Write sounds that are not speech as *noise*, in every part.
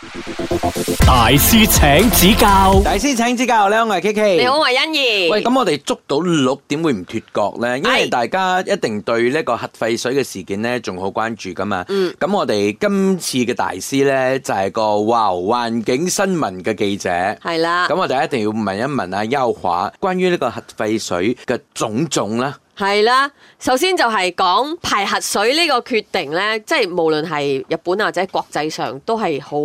大師，大師請指教，大師請指教咧，我係 K K，你好，我係欣宜。喂，咁我哋捉到六點會唔脫角呢？因為大家一定對呢個核廢水嘅事件呢仲好關注噶嘛。嗯，咁我哋今次嘅大師呢，就係、是、個華環境新聞嘅記者，係啦。咁我哋一定要問一問啊耀華關於呢個核廢水嘅種種啦。係啦，首先就係講排核水呢個決定咧，即係無論係日本或者國際上都係好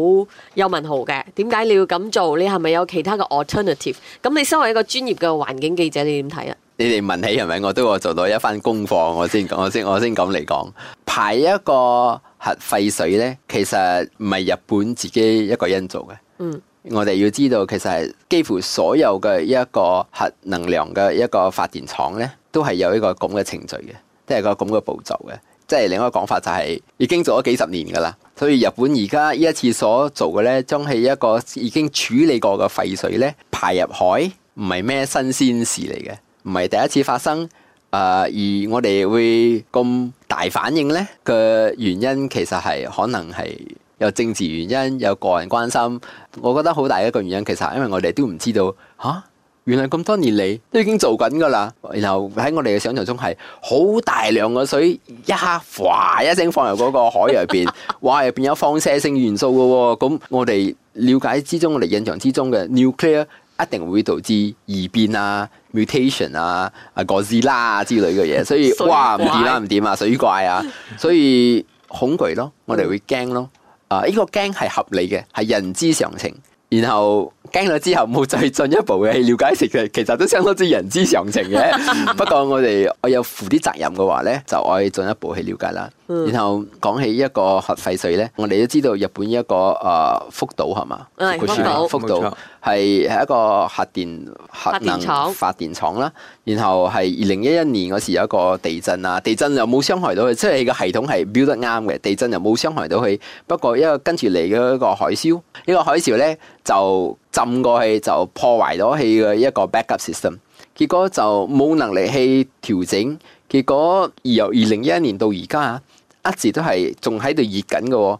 有問號嘅。點解你要咁做？你係咪有其他嘅 alternative？咁你身為一個專業嘅環境記者，你點睇啊？你哋問起係咪，我都我做到一番功課，我先講，我先我先咁嚟講，排一個核廢水咧，其實唔係日本自己一個人做嘅。嗯，我哋要知道，其實係幾乎所有嘅一個核能量嘅一個發電廠咧。都係有一個咁嘅程序嘅，都係個咁嘅步驟嘅。即係另一個講法就係，已經做咗幾十年噶啦。所以日本而家呢一次所做嘅，呢，將係一個已經處理過嘅廢水呢，排入海，唔係咩新鮮事嚟嘅，唔係第一次發生。誒、呃，而我哋會咁大反應呢，嘅原因，其實係可能係有政治原因，有個人關心。我覺得好大一個原因，其實係因為我哋都唔知道吓。啊原來咁多年嚟，都已經做緊噶啦，然後喺我哋嘅想象中係好大量嘅水，一下嘩一聲放入嗰個海入邊，哇入邊有放射性元素喎。咁、嗯、我哋了解之中，我哋印象之中嘅 nuclear 一定會導致異變啊、mutation 啊、阿哥斯拉之類嘅嘢，所以哇唔掂啦唔掂啊水怪啊，所以恐懼咯，我哋會驚咯，啊呢個驚係合理嘅，係人之常情，然後。驚咗之後，冇再進一步嘅去了解食，其實都相當之人之常情嘅。不過我哋我有負啲責任嘅話咧，就可以進一步去了解啦。然後講起一個核廢水咧，我哋都知道日本一個誒福島係嘛，福島係嘛，係福島係係一個核電核能發電廠啦。然後係二零一一年嗰時候有一個地震啊，地震又冇傷害到佢，即係個系統係 build 得啱嘅，地震又冇傷害到佢。不過一個跟住嚟嘅一個海嘯，呢、這個海嘯咧就浸過去就破壞咗佢嘅一個 backup system，結果就冇能力去調整。結果由二零一一年到而家。一直都係仲喺度熱緊嘅，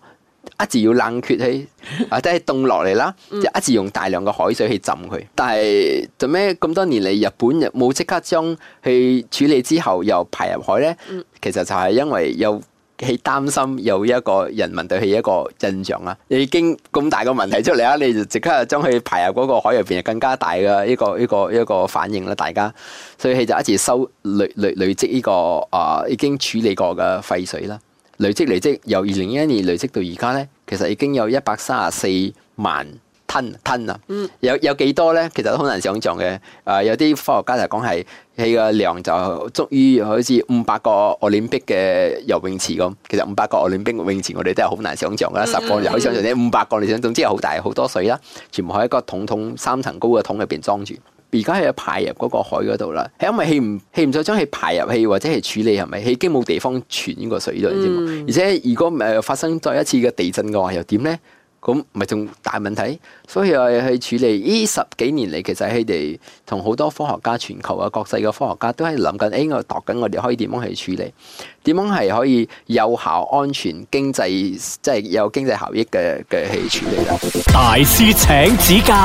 一直要冷卻佢，或者係凍落嚟啦。 *laughs* 一直用大量嘅海水去浸佢。但係做咩咁多年嚟日本又冇即刻將佢處理之後又排入海咧？ *laughs* 其實就係因為又係擔心有一個人民對佢一個印象啊。已經咁大嘅問題出嚟啦，你就即刻將佢排入嗰個海入邊，更加大嘅一個一個一個反應啦。大家，所以佢就一直收累累累積呢、這個啊已經處理過嘅廢水啦。累積累積，由二零一一年累積到而家咧，其實已經有一百三十四萬噸噸啊！有有幾多咧？其實都好難想象嘅。啊、呃，有啲科學家就講係，佢個量就足以好似五百個奧林匹克嘅游泳池咁。其實五百個奧林匹克泳池，我哋都係好難想象噶啦。十方又好想象啲五百個，你想總之係好大好多水啦，全部喺一個桶桶三層高嘅桶入邊裝住。而家係排入嗰個海嗰度啦，係因為氣唔氣唔到，將氣排入氣或者係處理係咪？氣已經冇地方存呢個水度，你知嗯、而且如果誒、呃、發生再一次嘅地震嘅話又呢，又點咧？咁咪仲大問題，所以係去處理呢十幾年嚟，其實佢哋同好多科學家、全球啊、國際嘅科學家都喺度諗緊，誒、欸、我度緊，我哋可以點樣去處理？點樣係可以有效、安全、經濟即係有經濟效益嘅嘅去處理啊！大師請指教。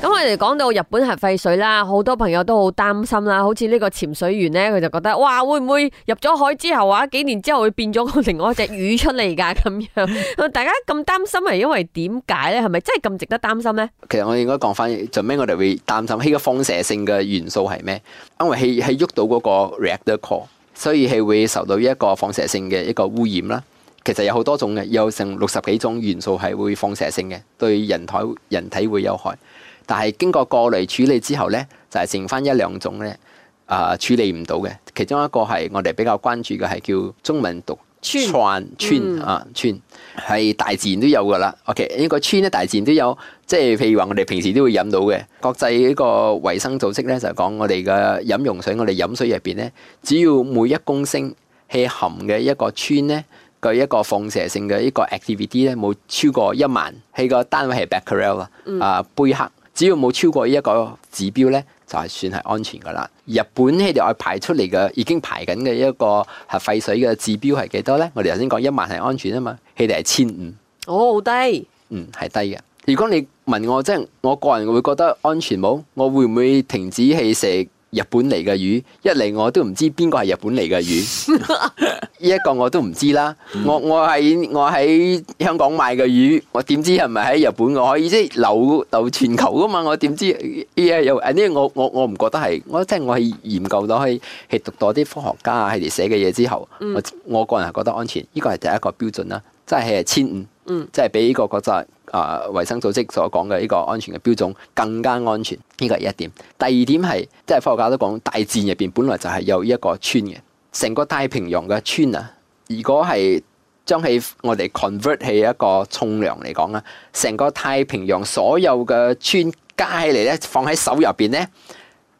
咁我哋講到日本核廢水啦，好多朋友都好擔心啦。好似呢個潛水員咧，佢就覺得哇，會唔會入咗海之後啊，幾年之後會變咗另外一隻魚出嚟㗎咁樣，大家咁擔心係因為點？點解咧？係咪真係咁值得擔心咧？其實我應該講翻最尾，我哋會擔心佢個放射性嘅元素係咩？因為係係喐到嗰個 reactor core，所以係會受到一個放射性嘅一個污染啦。其實有好多種嘅，有成六十幾種元素係會放射性嘅，對人體人體會有害。但係經過過濾處理之後咧，就係剩翻一兩種咧，啊處理唔到嘅。其中一個係我哋比較關注嘅，係叫中文讀。串、穿、嗯、啊、村，係大自然都有噶啦。OK，呢個村咧，大自然都有，即係譬如話我哋平時都會飲到嘅。國際呢個衛生組織咧就係講我哋嘅飲用水，我哋飲水入邊咧，只要每一公升係含嘅一個村咧嘅一個放射性嘅一個 activity 咧冇超過一萬，喺個單位係 becquerel、嗯、啊，貝克。只要冇超過呢一個指標咧，就係算係安全噶啦。日本佢哋排出嚟嘅已經排緊嘅一個核廢水嘅指標係幾多咧？我哋頭先講一萬係安全啊嘛，佢哋係千五，哦，好低，嗯，係低嘅。如果你問我，即係我個人會覺得安全冇，我會唔會停止去食？日本嚟嘅魚，一嚟我都唔知邊個係日本嚟嘅魚，一 *laughs* 個我都唔知啦。我我喺我喺香港買嘅魚，我點知係咪喺日本，我可以即係、就是、流到全球噶嘛？我點知呢嘢有。呢、yeah, yeah, 我我我唔覺得係，我即係、就是、我係研究到去，去讀到啲科學家佢嚟寫嘅嘢之後，我我個人係覺得安全。呢個係第一個標準啦，即係千五。嗯，即係比呢個國際啊，衞、呃、生組織所講嘅呢個安全嘅標準更加安全，呢、呢個係一點。第二點係，即係科學家都講大自然入邊本來就係有一個氚嘅，成個太平洋嘅氚啊。如果係將起我哋 convert 起一個重量嚟講啊，成個太平洋所有嘅氚加起嚟咧，放喺手入邊咧，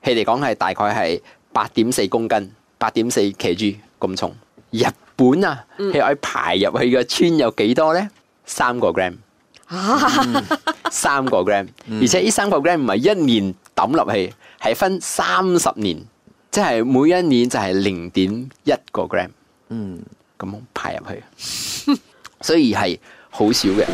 佢哋講係大概係八點四公斤，八點四 kg 咁重。日本啊，佢、嗯、可以排入去嘅氚有幾多咧？三個 gram、啊嗯、三個 gram、嗯、而且呢三個 gram 唔係一年揼落去，係分三十年，即係每一年就係零點一個 gram，嗯，咁排入去，所以係好少嘅。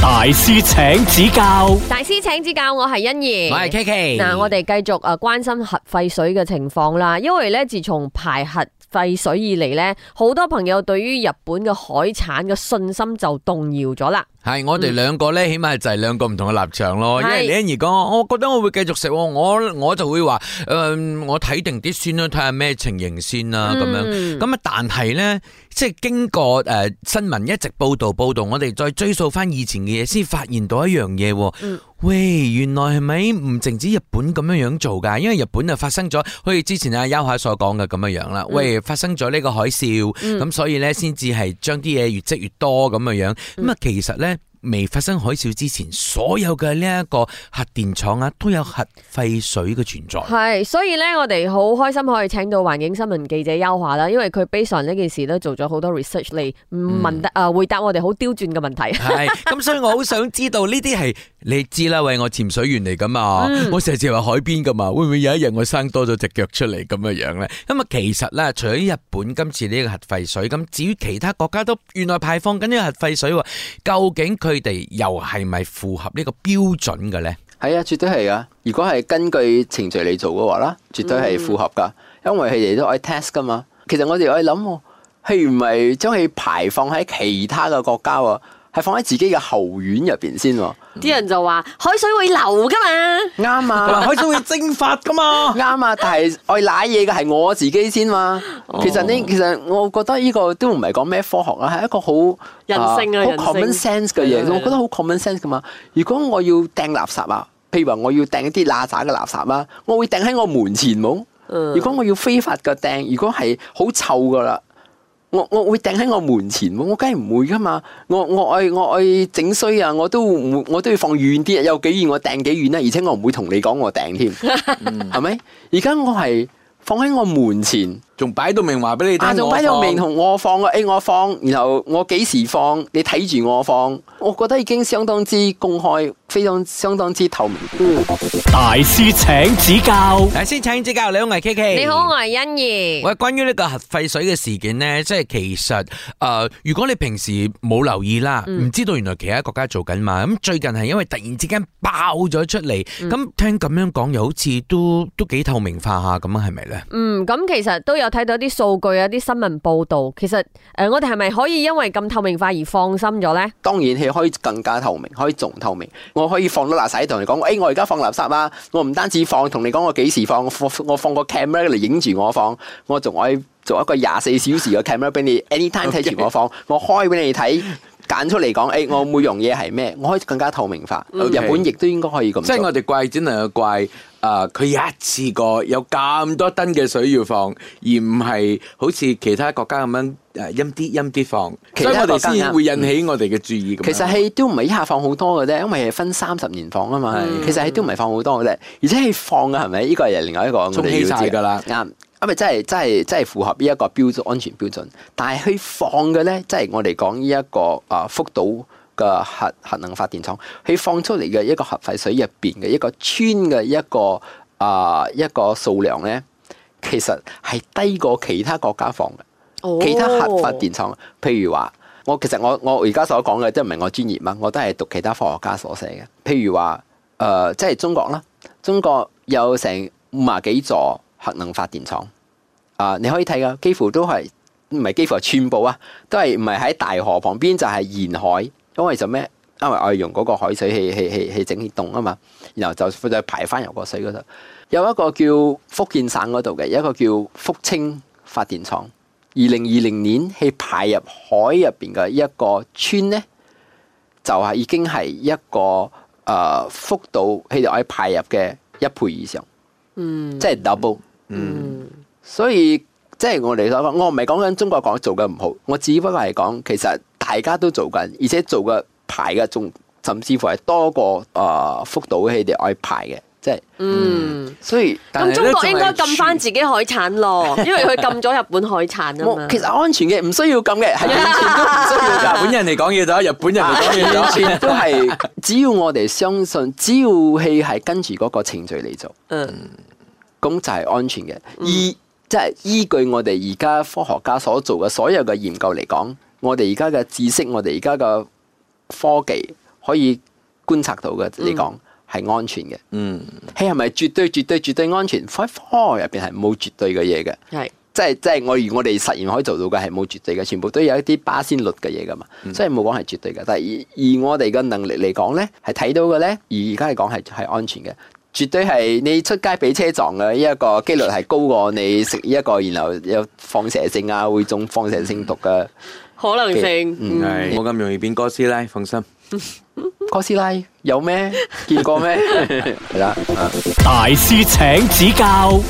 大師請指教，大師請指教，我係欣怡，我係 K K。嗱，我哋繼續啊，關心核廢水嘅情況啦，因為咧，自從排核。廢水以嚟呢，好多朋友對於日本嘅海產嘅信心就動搖咗啦。係，我哋兩個咧，起碼就係兩個唔同嘅立場咯、嗯。因為你如果我覺得我會繼續食，我我就會話，誒、呃，我睇定啲先啦，睇下咩情形先啦，咁、嗯、樣。咁啊，但係咧，即係經過誒、呃、新聞一直報道報道，我哋再追溯翻以前嘅嘢，先發現到一樣嘢、嗯。喂，原來係咪唔淨止日本咁樣樣做噶？因為日本就發生咗，好似之前阿優夏所講嘅咁樣樣啦、嗯。喂，發生咗呢個海嘯，咁、嗯、所以咧先至係將啲嘢越積越多咁樣樣。咁啊，其實咧。未發生海嘯之前，所有嘅呢一個核電廠啊，都有核廢水嘅存在。係，所以咧，我哋好開心可以請到環境新聞記者耀華啦，因為佢 base on 呢件事咧，做咗好多 research 嚟問誒，回答我哋好刁鑽嘅問題。係，咁所以我好想知道呢啲係，你知啦，喂，我潛水員嚟噶嘛，我成日話海邊噶嘛，會唔會有一日我生多咗隻腳出嚟咁嘅樣咧？咁啊，其實咧，除咗日本今次呢個核廢水，咁至於其他國家都原來排放緊呢個核廢水，究竟佢？佢哋又係咪符合呢個標準嘅咧？係啊，絕對係啊！如果係根據程序嚟做嘅話啦，絕對係符合噶、嗯。因為佢哋都愛 test 噶嘛。其實我哋可以諗，係唔係將佢排放喺其他嘅國家啊？係放喺自己嘅後院入邊先。啲人就話、嗯、海水會流噶嘛，啱啊。 *laughs* 海水會蒸發噶嘛，啱 *laughs* 啊。但係愛瀨嘢嘅係我自己先嘛。其實呢，其實我覺得呢個都唔係講咩科學啊，係一個好人性啊，好 common sense 嘅嘢。我覺得好 common sense 噶嘛。如果我要掟垃圾啊，譬如話我要掟一啲垃圾嘅垃圾啊，我會掟喺我門前冇嗎？嗯、如果我要非法嘅掟，如果係好臭噶啦，我我會掟喺我門前，冇。我梗係唔會噶嘛。我愛我愛我整衰啊，我都唔我都要放遠啲，有幾遠我掟幾遠啊。而且我唔會同你講我掟添，係 *laughs* 咪？而家我係放喺我門前。仲擺到明話俾你聽，仲擺到明同、啊、我放個 A，、啊、我放、啊，然後我幾時放，你睇住我放、啊，我覺得已經相當之公開，非常相當之透明。大師請指教，大師請指教，你好，我係 K K，你好，我係欣怡。喂，關於呢個核廢水嘅事件呢，即係其實誒、呃，如果你平時冇留意啦，唔、嗯、知道原來其他國家做緊嘛，咁最近係因為突然之間爆咗出嚟，咁、嗯、聽咁樣講又好似都都幾透明化下咁樣係咪咧？嗯，咁其實都有。睇到啲數據啊，啲新聞報道，其實誒、呃，我哋係咪可以因為咁透明化而放心咗呢？當然係可以更加透明，可以仲透明。我可以放到垃圾同你講、欸，我而家放垃圾啦。我唔單止放，同你講我幾時放，我放個 camera 嚟影住我放。我仲可以做一個廿四小時嘅 camera 俾你 *laughs* ，anytime 睇住我放，我開俾你睇。 *laughs* 揀出嚟講，誒，我每樣嘢係咩？我可以更加透明化。日本亦都應該可以咁樣。即係我哋怪只能怪誒，佢一次過有咁多噸嘅水要放，而唔係好似其他國家咁樣誒，陰啲陰啲放。所以我哋先會引起我哋嘅注意。其實佢都唔係一下放好多嘅啫，因為係分三十年放啊嘛。其實佢都唔係放好多嘅啫，而且佢放嘅係咪？呢個係另外一個我哋要知噶啦。咁咪真係真係真係符合呢一個標準安全標準，但係佢放嘅咧，即係我哋講呢一個啊、呃、福島嘅核核能發電廠佢放出嚟嘅一個核廢水入邊嘅一個村嘅一個啊、呃、一個數量咧，其實係低過其他國家放嘅。Oh. 其他核發電廠，譬如話我其實我我而家所講嘅即係唔係我專業嘛，我都係讀其他科學家所寫嘅。譬如話誒、呃，即係中國啦，中國有成五廿幾座，核能發電廠啊、呃，你可以睇噶，幾乎都係唔係幾乎係全部啊，都係唔係喺大河旁邊就係、是、沿海，因為就咩？因為我係用嗰個海水去去去去整凍啊嘛，然後就再排翻入個水嗰度。有一個叫福建省嗰度嘅，一個叫福清發電廠，二零二零年去排入海入邊嘅一個村咧，就係已經係一個誒福島，係、呃、可以排入嘅一倍以上，嗯，即係 double。嗯，所以即係、就是、我哋所講，我唔係講緊中國講做緊唔好，我只不過係講其實大家都做緊，而且做嘅排嘅仲甚至乎係多過誒、呃、福島佢哋排嘅，即係嗯，所以咁中國應該禁翻自己海產咯，因為佢禁咗日本海產啊。其實安全嘅唔需要禁嘅，係完全都唔需要。 *laughs* 日本人嚟講嘢就，日本人嚟講嘢完全都係只要我哋相信，只要佢係跟住嗰個程序嚟做，嗯。嗯。咁就係安全嘅，而即係依據我哋而家科學家所做嘅所有嘅研究嚟講，我哋而家嘅知識，我哋而家嘅科技可以觀察到嘅，你講係安全嘅。嗯，係係咪絕對絕對絕對安全？喺科學入邊係冇絕對嘅嘢嘅，係即係即係我而我哋實驗可以做到嘅係冇絕對嘅，全部都有一啲巴仙率嘅嘢噶嘛，所以冇講係絕對嘅。但係而而我哋嘅能力嚟講咧，係睇到嘅咧，而而家嚟講係係安全嘅。絕對係你出街俾車撞嘅，呢一個幾率係高過你食一個，然後有放射性啊，會中放射性毒嘅可能性。唔係，冇我咁容易變哥斯拉，放心，哥斯拉有咩見過咩？係啦，大師請指教。